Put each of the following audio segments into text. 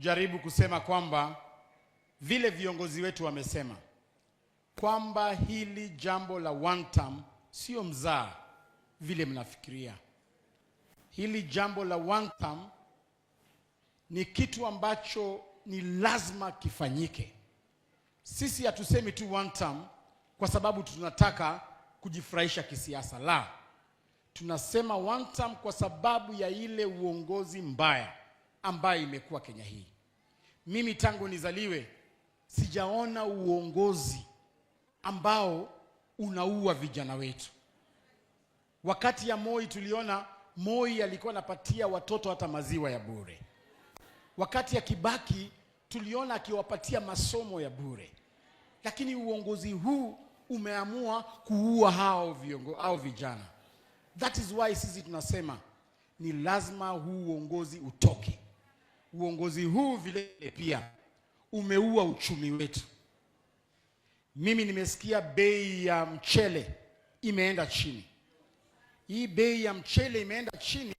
jaribu kusema kwamba vile viongozi wetu wamesema kwamba hili jambo la one term sio mzaa vile mnafikiria. Hili jambo la one term ni kitu ambacho ni lazima kifanyike. Sisi hatusemi tu one term kwa sababu tunataka kujifurahisha kisiasa, la, tunasema one term kwa sababu ya ile uongozi mbaya ambayo imekuwa Kenya hii. Mimi tangu nizaliwe sijaona uongozi ambao unaua vijana wetu. Wakati ya Moi tuliona Moi alikuwa anapatia watoto hata maziwa ya bure. Wakati ya Kibaki tuliona akiwapatia masomo ya bure, lakini uongozi huu umeamua kuua hao viongo, hao vijana. That is why sisi tunasema ni lazima huu uongozi utoke uongozi huu vilevile pia umeua uchumi wetu. Mimi nimesikia bei ya mchele imeenda chini. Hii bei ya mchele imeenda chini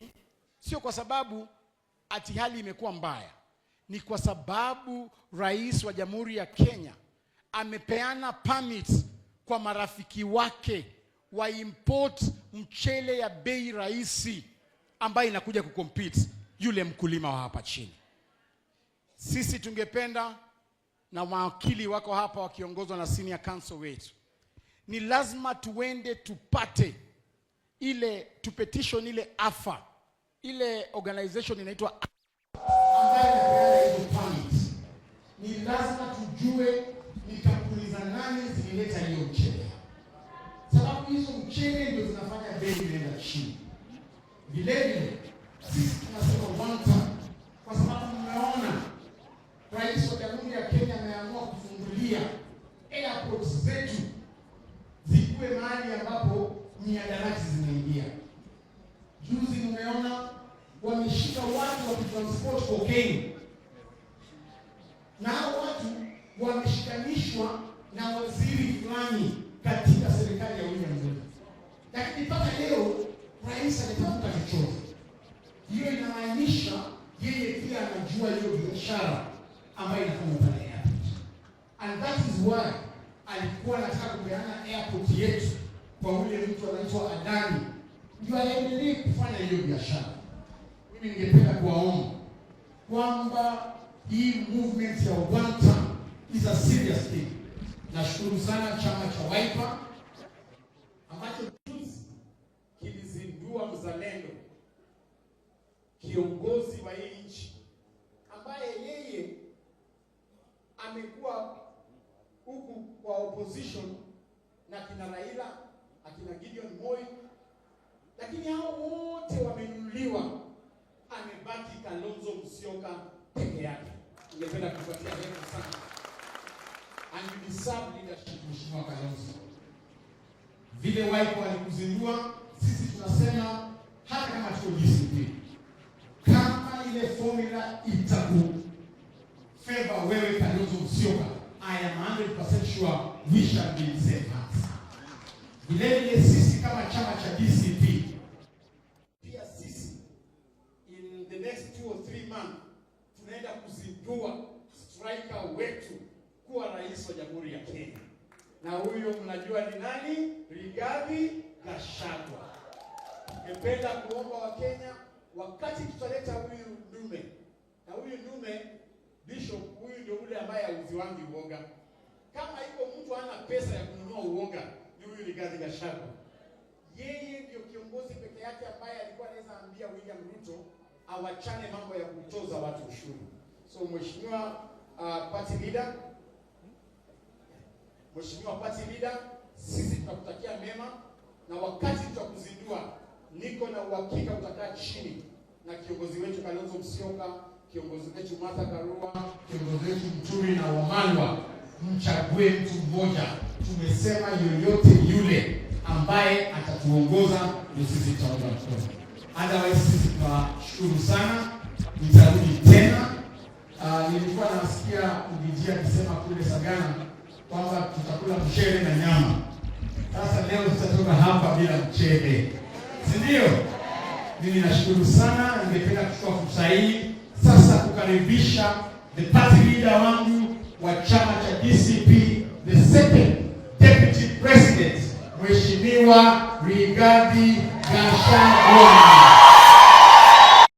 sio kwa sababu ati hali imekuwa mbaya, ni kwa sababu Rais wa Jamhuri ya Kenya amepeana permit kwa marafiki wake wa import mchele ya bei rahisi ambayo inakuja kukompiti yule mkulima wa hapa chini. Sisi tungependa na mawakili wako hapa wakiongozwa na senior counsel wetu, ni lazima tuende tupate ile tu petition ile AFA, ile organization inaitwa ni lazima tujue ni kampuni za nani zilileta hiyo mchele, sababu hizo mchele ndio zinafanya bei inaenda chini. Vilevile mihadarati zimeingia. Juzi nimeona wameshika watu wakitransport cocaine, na hao watu wameshikanishwa na waziri fulani katika serikali ya William Ruto, lakini mpaka leo rais ametamka chochote. Hiyo inamaanisha yeye pia anajua hiyo biashara ambayo inafanya pale airport, and that is why alikuwa anataka kupeana airport yetu kwa ule mtu anaitwa Adani ndio aendelee kufanya hiyo biashara. Mimi ningependa kuwaomba kwamba hii movement ya one is a serious thing. Nashukuru sana chama cha Wiper ambacho kilizindua mzalendo, kiongozi wa hii nchi ambaye yeye amekuwa huku kwa opposition na kina Raila akina Gideon Moi, lakini hao wote wamenuliwa, amebaki Kalonzo Musyoka peke yake. Ningependa kupatia heri sana, and you deserve leadership, Mheshimiwa Kalonzo. Vile waipo walikuzindua, sisi tunasema hata kama tuojisiki kama ile formula itaku favor wewe Kalonzo Musyoka, I am 100% sure we shall be safe. Vilevile sisi kama chama cha DCP pia sisi in the next two or three months tunaenda kuzindua striker wetu kuwa rais wa Jamhuri ya Kenya, na huyo mnajua ni nani? Rigathi Gachagua. Ningependa kuomba Wakenya, wakati tutaleta huyu ndume, na huyu ndume bishop, huyu ndio ule ambaye auziwangi uoga. Kama iko mtu ana pesa ya kununua uoga ya shaka Yeye ndio kiongozi peke yake ambaye alikuwa anaweza ambia William Ruto awachane mambo ya kutoza watu ushuru. So mheshimiwa uh, party leader, mheshimiwa party leader, sisi tunakutakia mema, na wakati tutakuzindua, niko na uhakika utakaa chini na kiongozi wetu Kalonzo Musyoka, kiongozi wetu Martha Karua, kiongozi wetu Mturi na Wamalwa mchague mtu mmoja. Tumesema yoyote yule ambaye atatuongoza ndio sisi tutaunga mkono, otherwise sisi tunashukuru sana. Nitarudi tena. Uh, nilikuwa nasikia kubijia akisema kule Sagana kwamba tutakula mchele na nyama. Sasa leo tutatoka hapa bila mchele, si ndio? Mimi nashukuru sana, ningependa kuchukua fursa hii sasa kukaribisha the party leader wangu wa chama cha DCP the second deputy president Mheshimiwa Rigathi Gachagua.